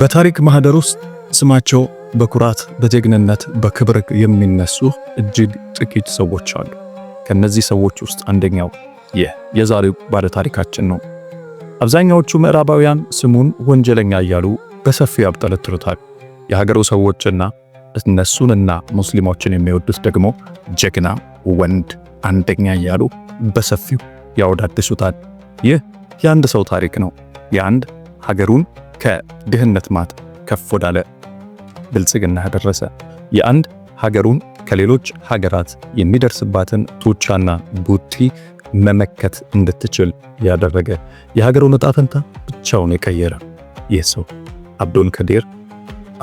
በታሪክ ማህደር ውስጥ ስማቸው በኩራት በጀግንነት በክብር የሚነሱ እጅግ ጥቂት ሰዎች አሉ። ከነዚህ ሰዎች ውስጥ አንደኛው ይህ የዛሬው ባለታሪካችን ነው። አብዛኛዎቹ ምዕራባውያን ስሙን ወንጀለኛ እያሉ በሰፊው ያብጠለጥሉታል። የሀገሩ ሰዎችና እነሱንና ሙስሊሞችን የሚወዱት ደግሞ ጀግና ወንድ አንደኛ እያሉ በሰፊው ያወዳድሱታል። ይህ የአንድ ሰው ታሪክ ነው። የአንድ ሀገሩን ከድህነት ማጥ ከፍ ወዳለ ብልጽግና ደረሰ። የአንድ ሀገሩን ከሌሎች ሀገራት የሚደርስባትን ቱቻና ቡቲ መመከት እንድትችል ያደረገ የሀገሩን ዕጣ ፈንታ ብቻውን የቀየረ ይህ ሰው አብዱል ከዲር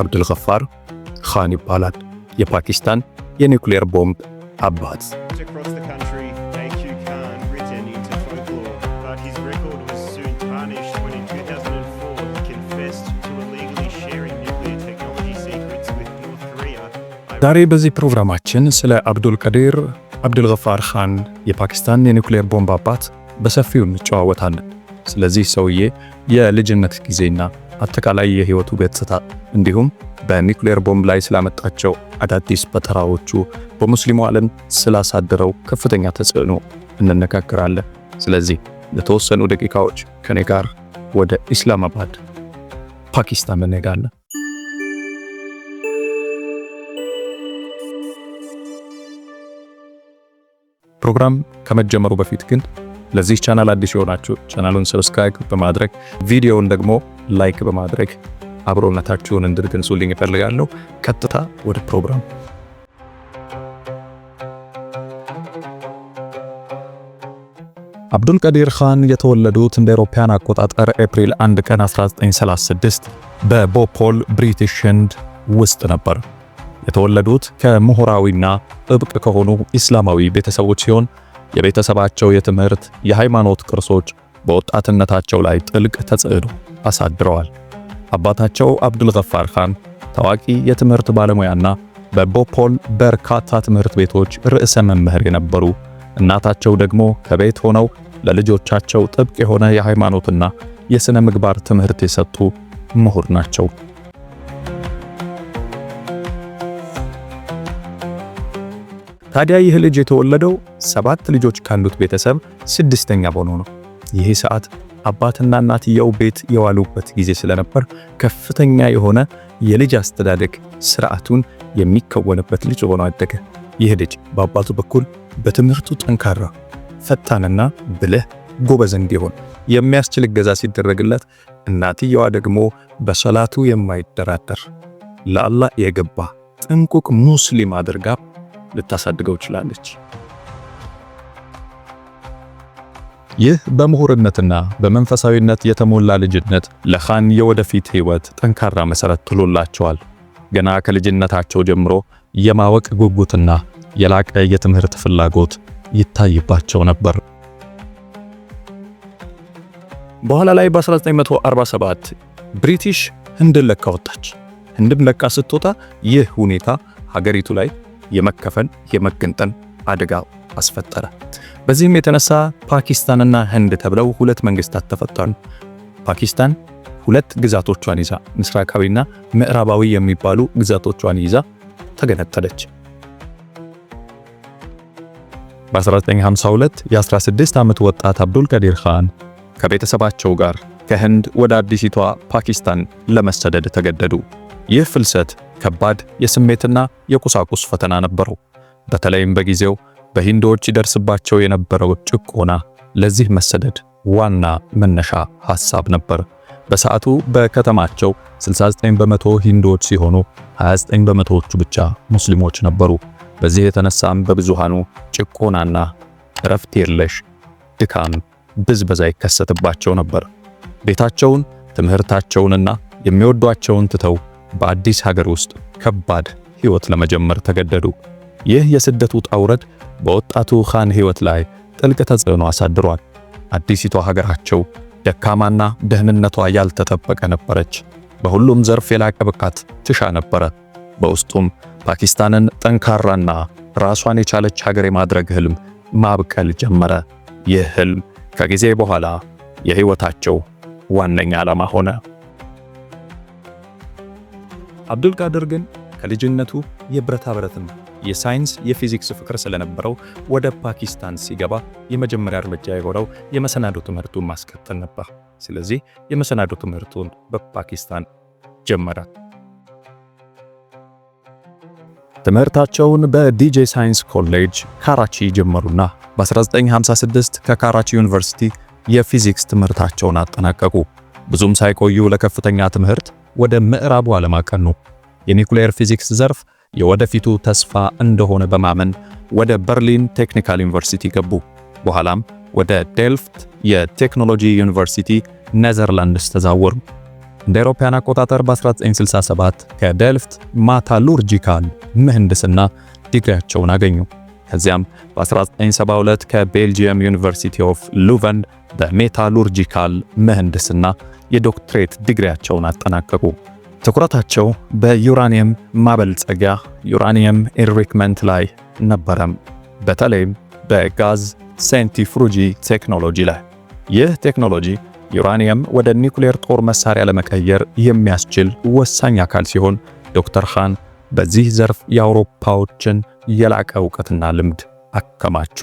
አብዱልገፋር ኻን ይባላል። የፓኪስታን የኒውክሌር ቦምብ አባት ዛሬ በዚህ ፕሮግራማችን ስለ አብዱልቀዲር አብዱልገፋር ኻን የፓኪስታን የኒውክሌር ቦምብ አባት በሰፊው እንጨዋወታለን። ስለዚህ ሰውዬ የልጅነት ጊዜና አጠቃላይ የህይወቱ ገጽታ እንዲሁም በኒውክሌር ቦምብ ላይ ስላመጣቸው አዳዲስ ፈጠራዎቹ በሙስሊሙ ዓለም ስላሳደረው ከፍተኛ ተጽዕኖ እንነጋገራለን። ስለዚህ ለተወሰኑ ደቂቃዎች ከኔ ጋር ወደ ኢስላማባድ ፓኪስታን እንሄዳለን። ፕሮግራም ከመጀመሩ በፊት ግን ለዚህ ቻናል አዲስ የሆናችሁ ቻናሉን ሰብስክራይብ በማድረግ ቪዲዮውን ደግሞ ላይክ በማድረግ አብሮነታችሁን እንድትገልጹልኝ እፈልጋለሁ። ቀጥታ ወደ ፕሮግራም አብዱል ቀዲር ኻን የተወለዱት እንደ አውሮፓውያን አቆጣጠር ኤፕሪል 1 ቀን 1936 በቦፖል ብሪቲሽ ህንድ ውስጥ ነበር። የተወለዱት ከምሁራዊና ጥብቅ ከሆኑ ኢስላማዊ ቤተሰቦች ሲሆን የቤተሰባቸው የትምህርት የሃይማኖት ቅርሶች በወጣትነታቸው ላይ ጥልቅ ተጽዕኖ አሳድረዋል። አባታቸው አብዱልገፋር ኻን ታዋቂ የትምህርት ባለሙያና በቦፖል በርካታ ትምህርት ቤቶች ርዕሰ መምህር የነበሩ፣ እናታቸው ደግሞ ከቤት ሆነው ለልጆቻቸው ጥብቅ የሆነ የሃይማኖትና የሥነ ምግባር ትምህርት የሰጡ ምሁር ናቸው። ታዲያ ይህ ልጅ የተወለደው ሰባት ልጆች ካሉት ቤተሰብ ስድስተኛ በሆነው ነው። ይህ ሰዓት አባትና እናትየው ቤት የዋሉበት ጊዜ ስለነበር ከፍተኛ የሆነ የልጅ አስተዳደግ ስርዓቱን የሚከወንበት ልጅ ሆኖ አደገ። ይህ ልጅ በአባቱ በኩል በትምህርቱ ጠንካራ፣ ፈታንና ብልህ ጎበዝ እንዲሆን የሚያስችል እገዛ ሲደረግለት፣ እናትየዋ ደግሞ በሰላቱ የማይደራደር ለአላህ የገባ ጥንቁቅ ሙስሊም አድርጋ ልታሳድገው ችላለች። ይህ በምሁርነትና በመንፈሳዊነት የተሞላ ልጅነት ለኻን የወደፊት ሕይወት ጠንካራ መሠረት ትሎላቸዋል። ገና ከልጅነታቸው ጀምሮ የማወቅ ጉጉትና የላቀ የትምህርት ፍላጎት ይታይባቸው ነበር። በኋላ ላይ በ1947 ብሪቲሽ ህንድን ለቃ ወጣች። ህንድን ለቃ ስትወጣ ይህ ሁኔታ ሀገሪቱ ላይ የመከፈል የመገንጠል አደጋ አስፈጠረ። በዚህም የተነሳ ፓኪስታንና ህንድ ተብለው ሁለት መንግስታት ተፈጠሩ። ፓኪስታን ሁለት ግዛቶቿን ይዛ ምስራቃዊና ምዕራባዊ የሚባሉ ግዛቶቿን ይዛ ተገነጠለች። በ1952 የ16 ዓመት ወጣት አብዱል ቀዲር ኻን ከቤተሰባቸው ጋር ከህንድ ወደ አዲሲቷ ፓኪስታን ለመሰደድ ተገደዱ። ይህ ፍልሰት ከባድ የስሜትና የቁሳቁስ ፈተና ነበረው። በተለይም በጊዜው በሂንዶች ይደርስባቸው የነበረው ጭቆና ለዚህ መሰደድ ዋና መነሻ ሐሳብ ነበር። በሰዓቱ በከተማቸው 69 በመቶ ሂንዶች ሲሆኑ 29 በመቶዎቹ ብቻ ሙስሊሞች ነበሩ። በዚህ የተነሳም በብዙሃኑ ጭቆናና እረፍት የለሽ ድካም፣ ብዝበዛ ይከሰትባቸው ነበር። ቤታቸውን፣ ትምህርታቸውንና የሚወዷቸውን ትተው በአዲስ ሀገር ውስጥ ከባድ ሕይወት ለመጀመር ተገደዱ። ይህ የስደት ውጣ ውረድ በወጣቱ ኻን ሕይወት ላይ ጥልቅ ተጽዕኖ አሳድሯል። አዲሲቷ ሀገራቸው ደካማና ደህንነቷ ያልተጠበቀ ነበረች። በሁሉም ዘርፍ የላቀ ብቃት ትሻ ነበረ። በውስጡም ፓኪስታንን ጠንካራና ራሷን የቻለች ሀገር የማድረግ ህልም ማብቀል ጀመረ። ይህ ህልም ከጊዜ በኋላ የሕይወታቸው ዋነኛ ዓላማ ሆነ። አብዱልቃድር ግን ከልጅነቱ የብረታ ብረትም የሳይንስ የፊዚክስ ፍቅር ስለነበረው ወደ ፓኪስታን ሲገባ የመጀመሪያ እርምጃ የሆነው የመሰናዶ ትምህርቱን ማስቀጠል ነበር። ስለዚህ የመሰናዶ ትምህርቱን በፓኪስታን ጀመረ። ትምህርታቸውን በዲጄ ሳይንስ ኮሌጅ ካራቺ ጀመሩና በ1956 ከካራቺ ዩኒቨርሲቲ የፊዚክስ ትምህርታቸውን አጠናቀቁ። ብዙም ሳይቆዩ ለከፍተኛ ትምህርት ወደ ምዕራቡ ዓለም አቀኑ። የኒውክሌር ፊዚክስ ዘርፍ የወደፊቱ ተስፋ እንደሆነ በማመን ወደ በርሊን ቴክኒካል ዩኒቨርሲቲ ገቡ። በኋላም ወደ ዴልፍት የቴክኖሎጂ ዩኒቨርሲቲ ኔዘርላንድስ ተዛወሩ። እንደ አውሮፓውያን አቆጣጠር በ1967 ከዴልፍት ማታሉርጂካል ምህንድስና ዲግሪያቸውን አገኙ። ከዚያም በ1972 ከቤልጂየም ዩኒቨርሲቲ ኦፍ ሉቨን በሜታሉርጂካል ምህንድስና የዶክትሬት ዲግሪያቸውን አጠናቀቁ። ትኩረታቸው በዩራኒየም ማበልጸጊያ ዩራኒየም ኢንሪክመንት ላይ ነበረም፣ በተለይም በጋዝ ሴንቲፍሩጂ ቴክኖሎጂ ላይ። ይህ ቴክኖሎጂ ዩራኒየም ወደ ኒውክሌር ጦር መሳሪያ ለመቀየር የሚያስችል ወሳኝ አካል ሲሆን ዶክተር ሃን በዚህ ዘርፍ የአውሮፓዎችን የላቀ እውቀትና ልምድ አከማቹ።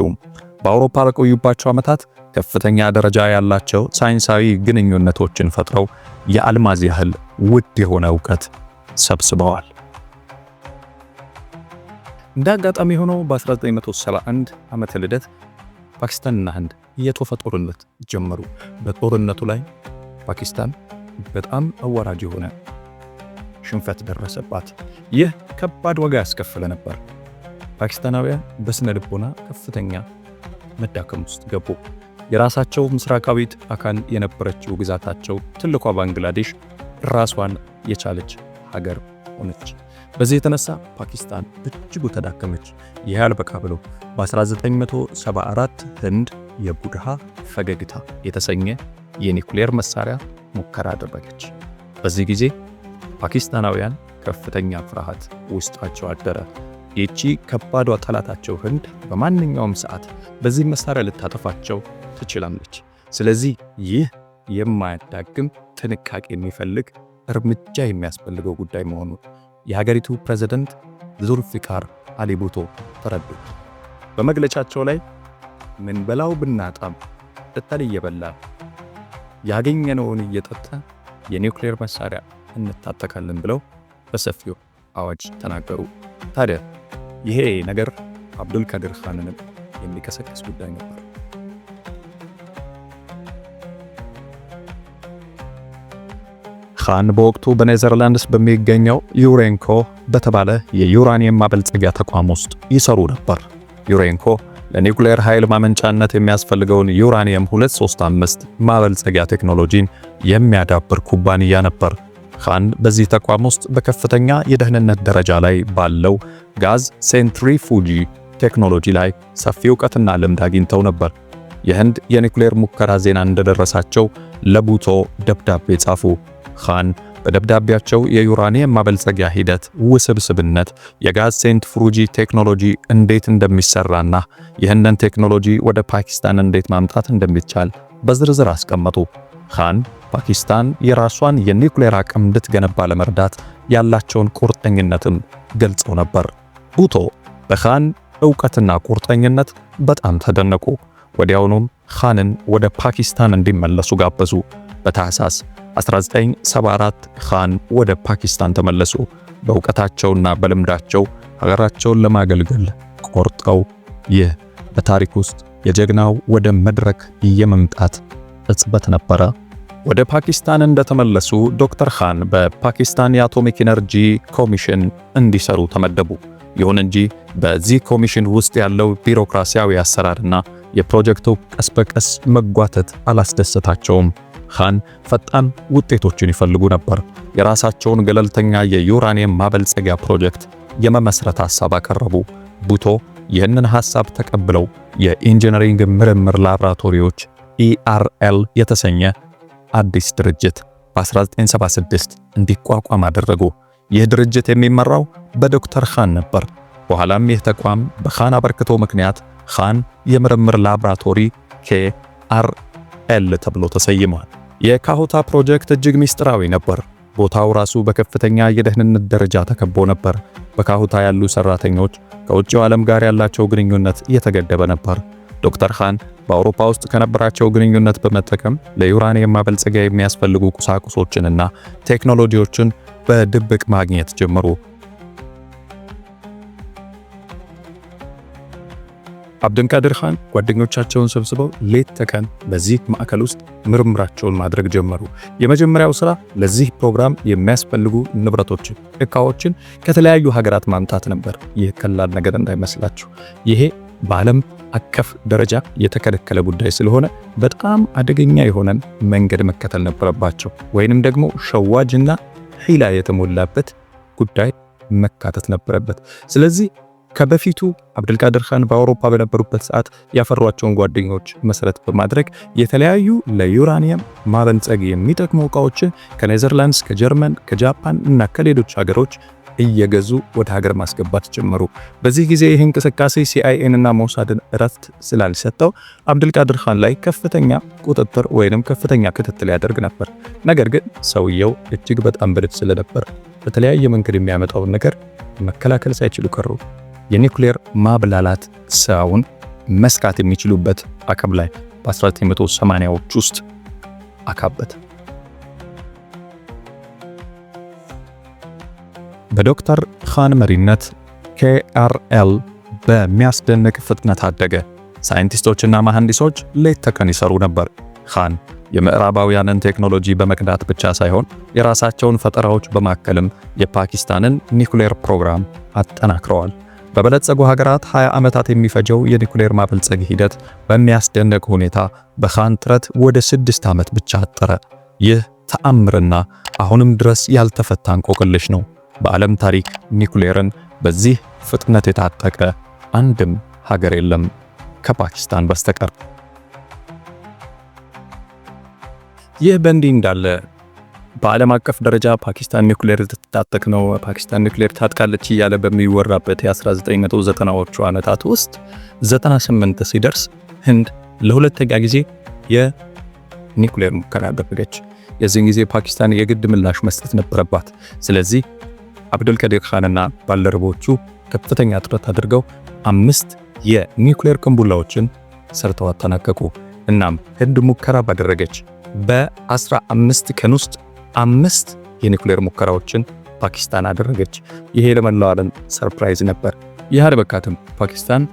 በአውሮፓ ለቆዩባቸው ዓመታት ከፍተኛ ደረጃ ያላቸው ሳይንሳዊ ግንኙነቶችን ፈጥረው የአልማዝ ያህል ውድ የሆነ እውቀት ሰብስበዋል። እንደ አጋጣሚ ሆኖ በ1971 ዓመተ ልደት ፓኪስታንና ህንድ የቶፈ ጦርነት ጀመሩ። በጦርነቱ ላይ ፓኪስታን በጣም አዋራጅ የሆነ ሽንፈት ደረሰባት። ይህ ከባድ ዋጋ ያስከፍለ ነበር። ፓኪስታናውያን በስነ ልቦና ከፍተኛ መዳከም ውስጥ ገቡ። የራሳቸው ምስራቃዊት አካል የነበረችው ግዛታቸው ትልቋ ባንግላዴሽ ራሷን የቻለች ሀገር ሆነች። በዚህ የተነሳ ፓኪስታን እጅጉ ተዳከመች። ይህ አልበቃ ብሎ በ1974 ህንድ የቡድሃ ፈገግታ የተሰኘ የኒኩሌር መሳሪያ ሙከራ አደረገች። በዚህ ጊዜ ፓኪስታናውያን ከፍተኛ ፍርሃት ውስጣቸው አደረ። ይቺ ከባዷ ጠላታቸው ህንድ በማንኛውም ሰዓት በዚህ መሳሪያ ልታጠፋቸው ትችላለች። ስለዚህ ይህ የማያዳግም ጥንቃቄ የሚፈልግ እርምጃ የሚያስፈልገው ጉዳይ መሆኑን የሀገሪቱ ፕሬዝደንት ዙልፊካር አሊ ቡቶ ተረዱ። በመግለጫቸው ላይ በላው ብናጣም ቅጠል እየበላ ያገኘነውን እየጠጠ የኒውክሌር መሳሪያ እንታጠቃለን ብለው በሰፊው አዋጅ ተናገሩ። ታዲያ ይሄ ነገር አብዱል ቀድር ኻንንም የሚቀሰቅስ ጉዳይ ነበር። ኻን በወቅቱ በኔዘርላንድስ በሚገኘው ዩሬንኮ በተባለ የዩራኒየም ማበልጸጊያ ተቋም ውስጥ ይሰሩ ነበር። ዩሬንኮ ለኒውክሌር ኃይል ማመንጫነት የሚያስፈልገውን ዩራኒየም 235 ማበልጸጊያ ቴክኖሎጂን የሚያዳብር ኩባንያ ነበር። ካን በዚህ ተቋም ውስጥ በከፍተኛ የደህንነት ደረጃ ላይ ባለው ጋዝ ሴንትሪፉጂ ቴክኖሎጂ ላይ ሰፊ እውቀትና ልምድ አግኝተው ነበር። የህንድ የኒኩሌር ሙከራ ዜና እንደደረሳቸው ለቡቶ ደብዳቤ ጻፉ። ካን በደብዳቤያቸው የዩራኒየም ማበልጸጊያ ሂደት ውስብስብነት፣ የጋዝ ሴንት ፍሩጂ ቴክኖሎጂ እንዴት እንደሚሰራና ይህንን ቴክኖሎጂ ወደ ፓኪስታን እንዴት ማምጣት እንደሚቻል በዝርዝር አስቀመጡ። ካን ፓኪስታን የራሷን የኒውክሌር አቅም እንድትገነባ ለመርዳት ያላቸውን ቁርጠኝነትም ገልጸው ነበር። ቡቶ በኻን እውቀትና ቁርጠኝነት በጣም ተደነቁ። ወዲያውኑም ኻንን ወደ ፓኪስታን እንዲመለሱ ጋበዙ። በታህሳስ 1974 ኻን ወደ ፓኪስታን ተመለሱ። በእውቀታቸውና በልምዳቸው ሀገራቸውን ለማገልገል ቆርጠው ይህ በታሪክ ውስጥ የጀግናው ወደ መድረክ የመምጣት እጽበት ነበረ። ወደ ፓኪስታን እንደተመለሱ ዶክተር ኻን በፓኪስታን የአቶሚክ ኢነርጂ ኮሚሽን እንዲሰሩ ተመደቡ። ይሁን እንጂ በዚህ ኮሚሽን ውስጥ ያለው ቢሮክራሲያዊ አሰራርና የፕሮጀክቱ ቀስ በቀስ መጓተት አላስደሰታቸውም። ኻን ፈጣን ውጤቶችን ይፈልጉ ነበር። የራሳቸውን ገለልተኛ የዩራኒየም ማበልጸጊያ ፕሮጀክት የመመስረት ሐሳብ አቀረቡ። ቡቶ ይህንን ሐሳብ ተቀብለው የኢንጂነሪንግ ምርምር ላብራቶሪዎች ኢአርኤል e የተሰኘ አዲስ ድርጅት በ1976 እንዲቋቋም አደረጉ። ይህ ድርጅት የሚመራው በዶክተር ኻን ነበር። በኋላም ይህ ተቋም በኻን አበርክቶ ምክንያት ኻን የምርምር ላብራቶሪ ኬአርኤል ተብሎ ተሰይሟል። የካሆታ ፕሮጀክት እጅግ ምስጢራዊ ነበር። ቦታው ራሱ በከፍተኛ የደህንነት ደረጃ ተከቦ ነበር። በካሆታ ያሉ ሰራተኞች ከውጭው ዓለም ጋር ያላቸው ግንኙነት እየተገደበ ነበር። ዶክተር ሃን በአውሮፓ ውስጥ ከነበራቸው ግንኙነት በመጠቀም ለዩራኒየም ማበልጸጊያ የሚያስፈልጉ ቁሳቁሶችንና ቴክኖሎጂዎችን በድብቅ ማግኘት ጀመሩ። አብድንቃድር ኻን ጓደኞቻቸውን ሰብስበው ሌት ተቀን በዚህ ማዕከል ውስጥ ምርምራቸውን ማድረግ ጀመሩ። የመጀመሪያው ስራ ለዚህ ፕሮግራም የሚያስፈልጉ ንብረቶችን፣ እቃዎችን ከተለያዩ ሀገራት ማምጣት ነበር። ይህ ቀላል ነገር እንዳይመስላችሁ። ይሄ በዓለም አቀፍ ደረጃ የተከለከለ ጉዳይ ስለሆነ በጣም አደገኛ የሆነን መንገድ መከተል ነበረባቸው፣ ወይንም ደግሞ ሸዋጅና ሂላ የተሞላበት ጉዳይ መካተት ነበረበት። ስለዚህ ከበፊቱ አብዱልቃድር ኻን በአውሮፓ በነበሩበት ሰዓት ያፈሯቸውን ጓደኞች መሰረት በማድረግ የተለያዩ ለዩራኒየም ማበልጸግ የሚጠቅሙ እቃዎችን ከኔዘርላንድስ፣ ከጀርመን፣ ከጃፓን እና ከሌሎች ሀገሮች እየገዙ ወደ ሀገር ማስገባት ጀመሩ። በዚህ ጊዜ ይህ እንቅስቃሴ ሲአይኤን እና ሞሳድን እረፍት ስላልሰጠው አብድልቃድር ኻን ላይ ከፍተኛ ቁጥጥር ወይንም ከፍተኛ ክትትል ያደርግ ነበር። ነገር ግን ሰውየው እጅግ በጣም ብልጥ ስለነበር በተለያየ መንገድ የሚያመጣውን ነገር መከላከል ሳይችሉ ቀሩ። የኒውክሌር ማብላላት ስራውን መስካት የሚችሉበት አቅም ላይ በ1980ዎች ውስጥ አካበት። በዶክተር ኻን መሪነት ኬአርኤል በሚያስደንቅ ፍጥነት አደገ። ሳይንቲስቶችና መሐንዲሶች ሌት ተቀን ይሰሩ ነበር። ኻን የምዕራባውያንን ቴክኖሎጂ በመቅዳት ብቻ ሳይሆን የራሳቸውን ፈጠራዎች በማከልም የፓኪስታንን ኒኩሌር ፕሮግራም አጠናክረዋል። በበለጸጉ ሀገራት 20 ዓመታት የሚፈጀው የኒኩሌር ማበልጸግ ሂደት በሚያስደንቅ ሁኔታ በኻን ጥረት ወደ 6 ዓመት ብቻ አጠረ። ይህ ተአምርና አሁንም ድረስ ያልተፈታ እንቆቅልሽ ነው። በዓለም ታሪክ ኒውክሌርን በዚህ ፍጥነት የታጠቀ አንድም ሀገር የለም ከፓኪስታን በስተቀር። ይህ በእንዲህ እንዳለ በዓለም አቀፍ ደረጃ ፓኪስታን ኒውክሌር ልትታጠቅ ነው፣ ፓኪስታን ኒውክሌር ታጥቃለች እያለ በሚወራበት የ1990ዎቹ ዓመታት ውስጥ 98 ሲደርስ ህንድ ለሁለተኛ ጊዜ የኒውክሌር ሙከራ ያደረገች። የዚህን ጊዜ ፓኪስታን የግድ ምላሽ መስጠት ነበረባት። ስለዚህ አብዱልቀዲር ኻንና ባልደረቦቹ ከፍተኛ ጥረት አድርገው አምስት የኒውክሌር ቅንቡላዎችን ሰርተው አጠናቀቁ። እናም ህንድ ሙከራ ባደረገች በ15 ቀን ውስጥ አምስት የኒውክሌር ሙከራዎችን ፓኪስታን አደረገች። ይሄ ለመላው ዓለም ሰርፕራይዝ ነበር። ይህ አልበቃትም። ፓኪስታን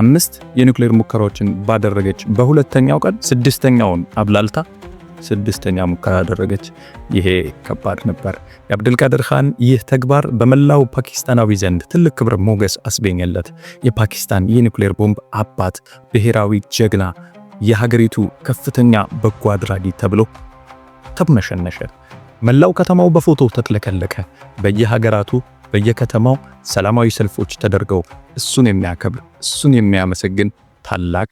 አምስት የኒውክሌር ሙከራዎችን ባደረገች በሁለተኛው ቀን ስድስተኛውን አብላልታ ስድስተኛ ሙከራ አደረገች። ይሄ ከባድ ነበር። የአብድልቃድር ኻን ይህ ተግባር በመላው ፓኪስታናዊ ዘንድ ትልቅ ክብር ሞገስ አስገኘለት። የፓኪስታን የኒውክሌር ቦምብ አባት፣ ብሔራዊ ጀግና፣ የሀገሪቱ ከፍተኛ በጎ አድራጊ ተብሎ ተመሸነሸ። መላው ከተማው በፎቶ ተጥለቀለቀ። በየሀገራቱ በየከተማው ሰላማዊ ሰልፎች ተደርገው እሱን የሚያከብር እሱን የሚያመሰግን ታላቅ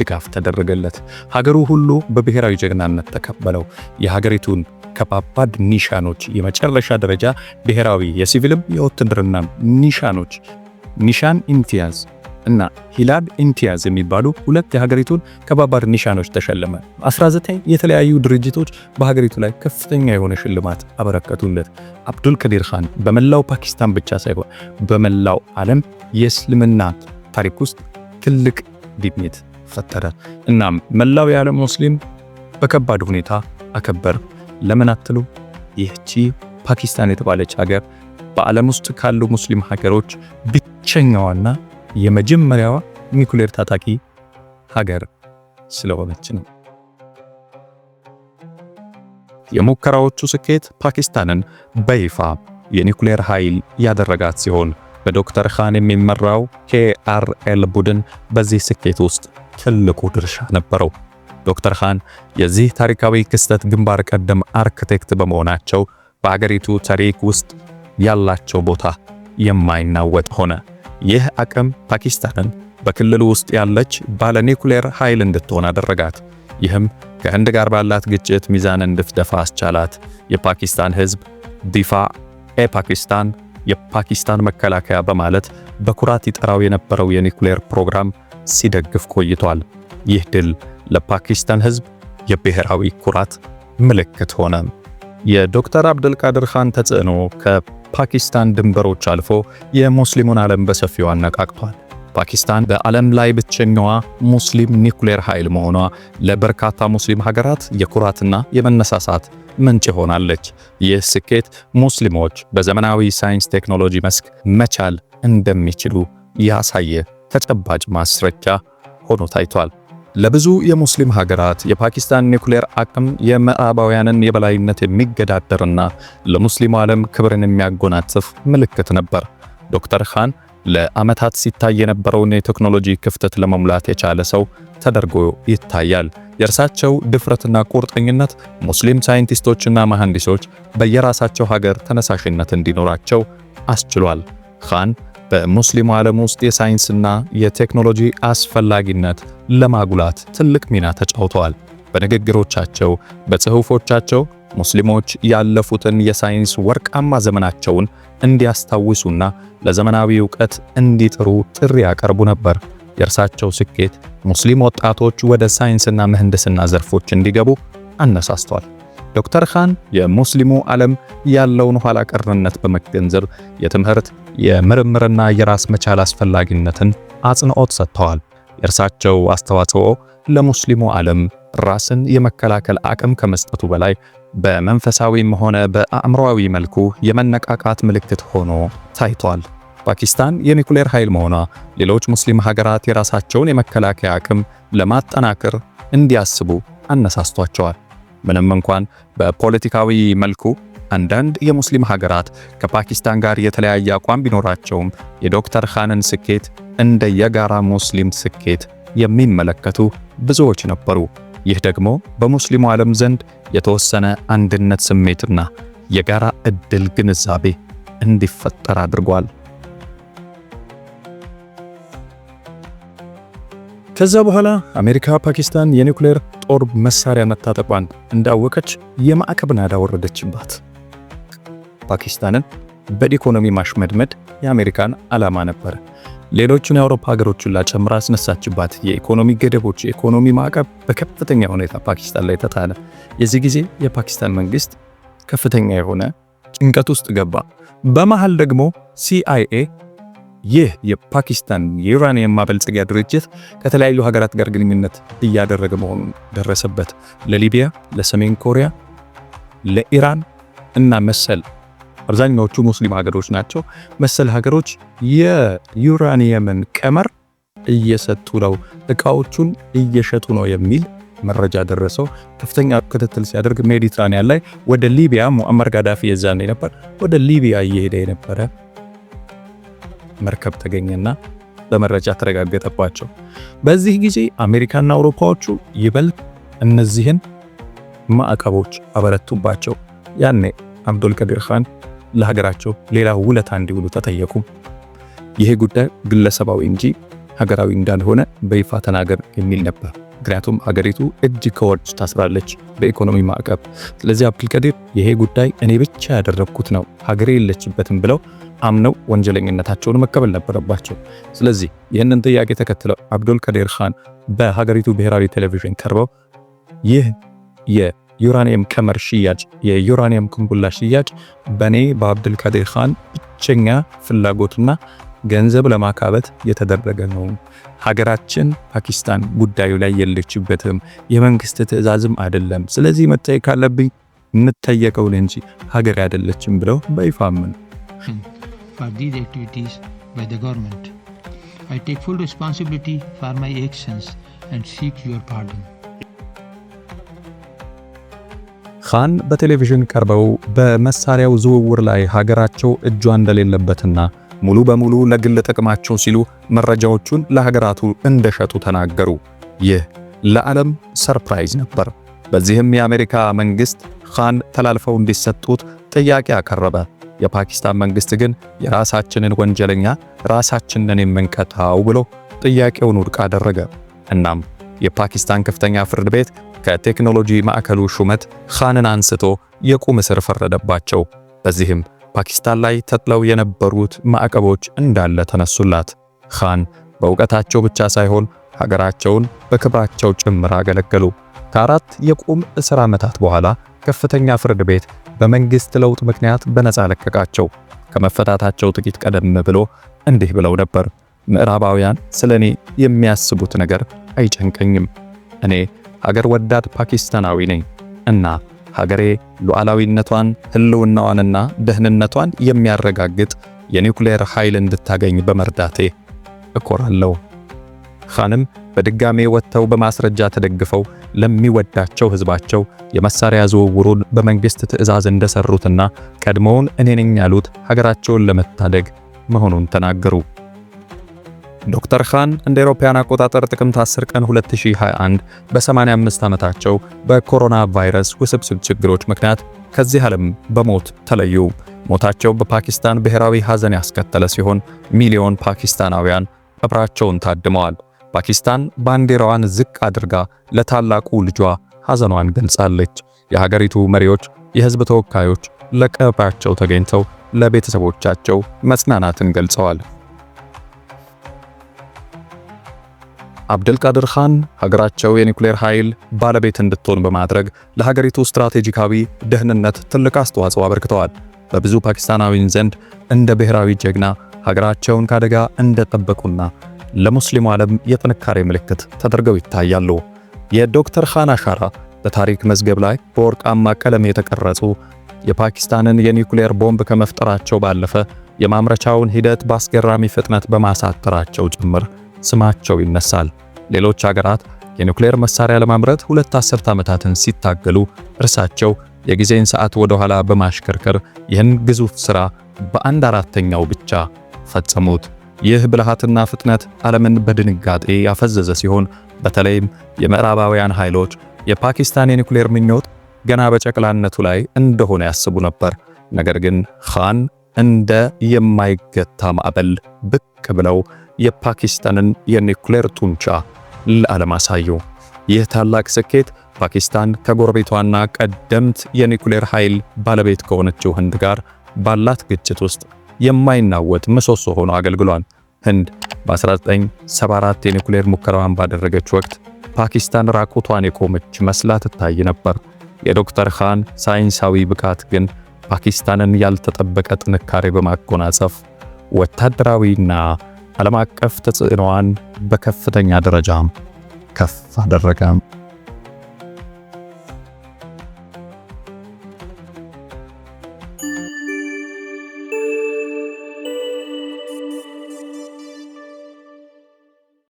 ድጋፍ ተደረገለት። ሀገሩ ሁሉ በብሔራዊ ጀግናነት ተቀበለው። የሀገሪቱን ከባባድ ኒሻኖች የመጨረሻ ደረጃ ብሔራዊ የሲቪልም የውትድርና ኒሻኖች ኒሻን ኢምቲያዝ እና ሂላል ኢምቲያዝ የሚባሉ ሁለት የሀገሪቱን ከባባድ ኒሻኖች ተሸለመ። 19 የተለያዩ ድርጅቶች በሀገሪቱ ላይ ከፍተኛ የሆነ ሽልማት አበረከቱለት። አብዱል ከዲር ኻን በመላው ፓኪስታን ብቻ ሳይሆን በመላው ዓለም የእስልምና ታሪክ ውስጥ ትልቅ ዲግኒት ፈጠረ። እናም መላው የዓለም ሙስሊም በከባድ ሁኔታ አከበር። ለምን አትሉ? ይህቺ ፓኪስታን የተባለች ሀገር በዓለም ውስጥ ካሉ ሙስሊም ሀገሮች ብቸኛዋና የመጀመሪያዋ ኒኩሌር ታጣቂ ሀገር ስለሆነች ነው። የሙከራዎቹ ስኬት ፓኪስታንን በይፋ የኒኩሌር ኃይል ያደረጋት ሲሆን በዶክተር ኻን የሚመራው ኬአርኤል ቡድን በዚህ ስኬት ውስጥ ትልቁ ድርሻ ነበረው። ዶክተር ሃን የዚህ ታሪካዊ ክስተት ግንባር ቀደም አርክቴክት በመሆናቸው በአገሪቱ ታሪክ ውስጥ ያላቸው ቦታ የማይናወጥ ሆነ። ይህ አቅም ፓኪስታንን በክልሉ ውስጥ ያለች ባለ ኒውክሌር ኃይል እንድትሆን አደረጋት። ይህም ከህንድ ጋር ባላት ግጭት ሚዛን እንድትደፋ አስቻላት። የፓኪስታን ህዝብ ዲፋ ኤ ፓኪስታን የፓኪስታን መከላከያ በማለት በኩራት ይጠራው የነበረው የኒኩሌር ፕሮግራም ሲደግፍ ቆይቷል። ይህ ድል ለፓኪስታን ሕዝብ የብሔራዊ ኩራት ምልክት ሆነ። የዶክተር አብደልቃድር ኻን ተጽዕኖ ከፓኪስታን ድንበሮች አልፎ የሙስሊሙን ዓለም በሰፊው አነቃቅቷል። ፓኪስታን በዓለም ላይ ብቸኛዋ ሙስሊም ኒኩሌር ኃይል መሆኗ ለበርካታ ሙስሊም ሀገራት የኩራትና የመነሳሳት ምንጭ ሆናለች። ይህ ስኬት ሙስሊሞች በዘመናዊ ሳይንስ ቴክኖሎጂ መስክ መቻል እንደሚችሉ ያሳየ ተጨባጭ ማስረጃ ሆኖ ታይቷል። ለብዙ የሙስሊም ሀገራት የፓኪስታን ኒውክሌር አቅም የምዕራባውያንን የበላይነት የሚገዳደርና ለሙስሊሙ ዓለም ክብርን የሚያጎናጽፍ ምልክት ነበር። ዶክተር ኻን ለዓመታት ሲታይ የነበረውን የቴክኖሎጂ ክፍተት ለመሙላት የቻለ ሰው ተደርጎ ይታያል። የእርሳቸው ድፍረትና ቁርጠኝነት ሙስሊም ሳይንቲስቶችና መሐንዲሶች በየራሳቸው ሀገር ተነሳሽነት እንዲኖራቸው አስችሏል። ኻን በሙስሊሙ ዓለም ውስጥ የሳይንስና የቴክኖሎጂ አስፈላጊነት ለማጉላት ትልቅ ሚና ተጫውተዋል። በንግግሮቻቸው፣ በጽሑፎቻቸው ሙስሊሞች ያለፉትን የሳይንስ ወርቃማ ዘመናቸውን እንዲያስታውሱና ለዘመናዊ ዕውቀት እንዲጥሩ ጥሪ ያቀርቡ ነበር። የእርሳቸው ስኬት ሙስሊም ወጣቶች ወደ ሳይንስና ምህንድስና ዘርፎች እንዲገቡ አነሳስቷል። ዶክተር ኻን የሙስሊሙ ዓለም ያለውን ኋላ ቀርነት በመገንዘብ የትምህርት የምርምርና የራስ መቻል አስፈላጊነትን አጽንዖት ሰጥተዋል። የእርሳቸው አስተዋጽኦ ለሙስሊሙ ዓለም ራስን የመከላከል አቅም ከመስጠቱ በላይ በመንፈሳዊም ሆነ በአእምሮዊ መልኩ የመነቃቃት ምልክት ሆኖ ታይቷል። ፓኪስታን የኒኩሌር ኃይል መሆኗ ሌሎች ሙስሊም ሀገራት የራሳቸውን የመከላከያ አቅም ለማጠናከር እንዲያስቡ አነሳስቷቸዋል። ምንም እንኳን በፖለቲካዊ መልኩ አንዳንድ የሙስሊም ሀገራት ከፓኪስታን ጋር የተለያየ አቋም ቢኖራቸውም የዶክተር ኻንን ስኬት እንደ የጋራ ሙስሊም ስኬት የሚመለከቱ ብዙዎች ነበሩ። ይህ ደግሞ በሙስሊሙ ዓለም ዘንድ የተወሰነ አንድነት ስሜትና የጋራ ዕድል ግንዛቤ እንዲፈጠር አድርጓል። ከዛ በኋላ አሜሪካ ፓኪስታን የኒውክሌር ጦር መሳሪያ መታጠቋን እንዳወቀች የማዕቀብ ናዳ ወረደችባት። ፓኪስታንን በኢኮኖሚ ማሽመድመድ የአሜሪካን ዓላማ ነበር። ሌሎቹን የአውሮፓ ሀገሮች ሁሉ ጨምራ አስነሳችባት። የኢኮኖሚ ገደቦች፣ የኢኮኖሚ ማዕቀብ በከፍተኛ ሁኔታ ፓኪስታን ላይ ተጣለ። የዚህ ጊዜ የፓኪስታን መንግስት ከፍተኛ የሆነ ጭንቀት ውስጥ ገባ። በመሃል ደግሞ ሲአይኤ ይህ የፓኪስታን የዩራኒየም ማበልጸጊያ ድርጅት ከተለያዩ ሀገራት ጋር ግንኙነት እያደረገ መሆኑን ደረሰበት። ለሊቢያ፣ ለሰሜን ኮሪያ፣ ለኢራን እና መሰል አብዛኛዎቹ ሙስሊም ሀገሮች ናቸው። መሰል ሀገሮች የዩራኒየምን ቀመር እየሰጡ ነው፣ እቃዎቹን እየሸጡ ነው የሚል መረጃ ደረሰው። ከፍተኛ ክትትል ሲያደርግ ሜዲትራኒያን ላይ ወደ ሊቢያ ሙአመር ጋዳፊ የዛን ነበር ወደ ሊቢያ እየሄደ የነበረ መርከብ ተገኘና በመረጃ ተረጋገጠባቸው። በዚህ ጊዜ አሜሪካና አውሮፓዎቹ ይበልጥ እነዚህን ማዕቀቦች አበረቱባቸው። ያኔ አብዱልቀዲር ኻን ለሀገራቸው ሌላ ውለታ እንዲውሉ ተጠየቁ። ይሄ ጉዳይ ግለሰባዊ እንጂ ሀገራዊ እንዳልሆነ በይፋ ተናገር የሚል ነበር። ምክንያቱም አገሪቱ እጅግ ከወርጭ ታስራለች በኢኮኖሚ ማዕቀብ። ስለዚህ አብዱልቀዲር ይሄ ጉዳይ እኔ ብቻ ያደረግኩት ነው ሀገሬ የለችበትም ብለው አምነው ወንጀለኝነታቸውን መቀበል ነበረባቸው። ስለዚህ ይህንን ጥያቄ ተከትለው አብዱልቀዲር ኻን በሀገሪቱ ብሔራዊ ቴሌቪዥን ቀርበው ይህ ዩራኒየም ከመር ሽያጭ፣ የዩራኒየም ቅንቡላ ሽያጭ በእኔ በአብዱልቃድር ኻን ብቸኛ ፍላጎትና ገንዘብ ለማካበት የተደረገ ነው። ሀገራችን ፓኪስታን ጉዳዩ ላይ የለችበትም፣ የመንግስት ትዕዛዝም አይደለም። ስለዚህ መታየ ካለብኝ የምጠየቀው እንጂ ሀገር አይደለችም ብለው በይፋ አመኑ። I take ኻን በቴሌቪዥን ቀርበው በመሳሪያው ዝውውር ላይ ሀገራቸው እጇ እንደሌለበትና ሙሉ በሙሉ ለግል ጥቅማቸው ሲሉ መረጃዎቹን ለሀገራቱ እንደሸጡ ተናገሩ። ይህ ለዓለም ሰርፕራይዝ ነበር። በዚህም የአሜሪካ መንግሥት ኻን ተላልፈው እንዲሰጡት ጥያቄ አቀረበ። የፓኪስታን መንግሥት ግን የራሳችንን ወንጀለኛ ራሳችንን የምንቀጣው ብሎ ጥያቄውን ውድቅ አደረገ። እናም የፓኪስታን ከፍተኛ ፍርድ ቤት ከቴክኖሎጂ ማዕከሉ ሹመት ኻንን አንስቶ የቁም እስር ፈረደባቸው። በዚህም ፓኪስታን ላይ ተጥለው የነበሩት ማዕቀቦች እንዳለ ተነሱላት። ኻን በእውቀታቸው ብቻ ሳይሆን ሀገራቸውን በክብራቸው ጭምር አገለገሉ። ከአራት የቁም እስር ዓመታት በኋላ ከፍተኛ ፍርድ ቤት በመንግሥት ለውጥ ምክንያት በነፃ ለቀቃቸው። ከመፈታታቸው ጥቂት ቀደም ብሎ እንዲህ ብለው ነበር፣ ምዕራባውያን ስለ እኔ የሚያስቡት ነገር አይጨንቀኝም እኔ ሀገር ወዳድ ፓኪስታናዊ ነኝ እና ሀገሬ ሉዓላዊነቷን ህልውናዋንና ደህንነቷን የሚያረጋግጥ የኒውክሌር ኃይል እንድታገኝ በመርዳቴ እኮራለሁ። ኻንም በድጋሜ ወጥተው በማስረጃ ተደግፈው ለሚወዳቸው ሕዝባቸው የመሳሪያ ዝውውሩን በመንግሥት ትዕዛዝ እንደሰሩትና ቀድሞውን እኔ ነኝ ያሉት ሀገራቸውን ለመታደግ መሆኑን ተናገሩ። ዶክተር ኻን እንደ አውሮፓውያን አቆጣጠር ጥቅምት 10 ቀን 2021 በ85 ዓመታቸው በኮሮና ቫይረስ ውስብስብ ችግሮች ምክንያት ከዚህ ዓለም በሞት ተለዩ። ሞታቸው በፓኪስታን ብሔራዊ ሐዘን ያስከተለ ሲሆን ሚሊዮን ፓኪስታናውያን ቀብራቸውን ታድመዋል። ፓኪስታን ባንዲራዋን ዝቅ አድርጋ ለታላቁ ልጇ ሐዘኗን ገልጻለች። የሀገሪቱ መሪዎች፣ የህዝብ ተወካዮች ለቀብራቸው ተገኝተው ለቤተሰቦቻቸው መጽናናትን ገልጸዋል። አብደልቃድር ኻን ሀገራቸው የኒውክሌር ኃይል ባለቤት እንድትሆን በማድረግ ለሀገሪቱ ስትራቴጂካዊ ደህንነት ትልቅ አስተዋጽኦ አበርክተዋል። በብዙ ፓኪስታናዊን ዘንድ እንደ ብሔራዊ ጀግና ሀገራቸውን ካደጋ እንደጠበቁና ለሙስሊሙ ዓለም የጥንካሬ ምልክት ተደርገው ይታያሉ። የዶክተር ኻን አሻራ በታሪክ መዝገብ ላይ በወርቃማ ቀለም የተቀረጹ የፓኪስታንን የኒውክሌር ቦምብ ከመፍጠራቸው ባለፈ የማምረቻውን ሂደት በአስገራሚ ፍጥነት በማሳጠራቸው ጭምር ስማቸው ይነሳል። ሌሎች ሀገራት የኒውክሌር መሳሪያ ለማምረት ሁለት አስርት ዓመታትን ሲታገሉ እርሳቸው የጊዜን ሰዓት ወደ ኋላ በማሽከርከር ይህን ግዙፍ ሥራ በአንድ አራተኛው ብቻ ፈጸሙት። ይህ ብልሃትና ፍጥነት ዓለምን በድንጋጤ ያፈዘዘ ሲሆን በተለይም የምዕራባውያን ኃይሎች የፓኪስታን የኒውክሌር ምኞት ገና በጨቅላነቱ ላይ እንደሆነ ያስቡ ነበር። ነገር ግን ኻን እንደ የማይገታ ማዕበል ብቅ ብለው የፓኪስታንን የኒውክሌር ጡንቻ ለዓለም አሳዩ። ይህ ታላቅ ስኬት ፓኪስታን ከጎረቤቷና ቀደምት የኒውክሌር ኃይል ባለቤት ከሆነችው ህንድ ጋር ባላት ግጭት ውስጥ የማይናወጥ ምሰሶ ሆኖ አገልግሏል። ህንድ በ1974 የኒውክሌር ሙከራዋን ባደረገች ወቅት ፓኪስታን ራቁቷን የቆመች መስላ ትታይ ነበር። የዶክተር ኻን ሳይንሳዊ ብቃት ግን ፓኪስታንን ያልተጠበቀ ጥንካሬ በማጎናጸፍ ወታደራዊና ዓለም አቀፍ ተጽዕኖዋን በከፍተኛ ደረጃ ከፍ አደረገ።